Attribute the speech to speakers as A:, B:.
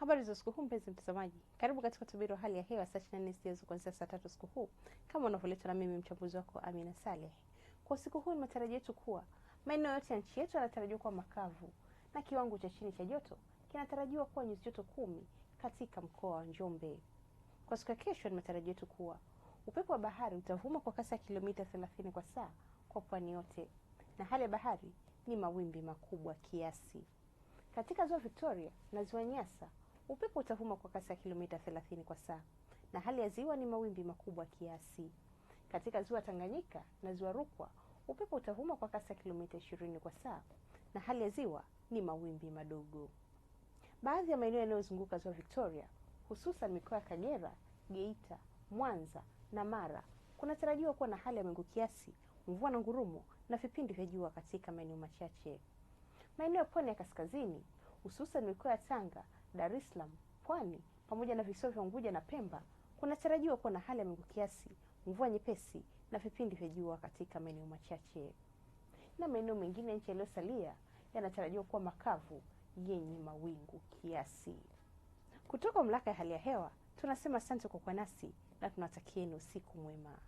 A: Habari za usiku huu mpenzi mtazamaji, karibu katika utabiri wa hali ya hewa saa 24 zijazo kuanzia saa tatu usiku huu, kama unavyoletwa na mimi mchambuzi wako Amina Saleh. Kwa usiku huu ni matarajio yetu kuwa maeneo yote ya nchi yetu yanatarajiwa kuwa makavu na kiwango cha chini cha joto kinatarajiwa kuwa nyuzi joto kumi katika mkoa wa Njombe. Kwa siku ya kesho ni matarajio yetu kuwa upepo wa bahari utavuma kwa kasi ya kilomita 30 kwa saa kwa pwani yote, na hali ya bahari ni mawimbi makubwa kiasi. Katika ziwa Victoria na ziwa Nyasa Upepo utavuma kwa kasi ya kilomita 30 kwa saa na hali ya ziwa ni mawimbi makubwa kiasi. Katika ziwa Tanganyika na ziwa Rukwa, upepo utavuma kwa kasi ya kilomita 20 kwa saa na hali ya ziwa ni mawimbi madogo. Baadhi ya maeneo yanayozunguka ziwa Victoria, hususan mikoa ya Kagera, Geita, Mwanza na Mara, kunatarajiwa kuwa na hali ya mawingu kiasi, mvua na ngurumo na vipindi vya jua katika maeneo machache. Maeneo ya pwani ya kaskazini, hususan mikoa ya Tanga Dar es Salaam, Pwani pamoja na visiwa vya Unguja na Pemba kunatarajiwa kuwa na hali ya mawingu kiasi, mvua nyepesi na vipindi vya jua katika maeneo machache, na maeneo mengine ya nchi yaliyosalia yanatarajiwa kuwa makavu yenye mawingu kiasi. Kutoka mamlaka ya hali ya hewa tunasema asante kwa kuwa nasi na tunawatakieni usiku mwema.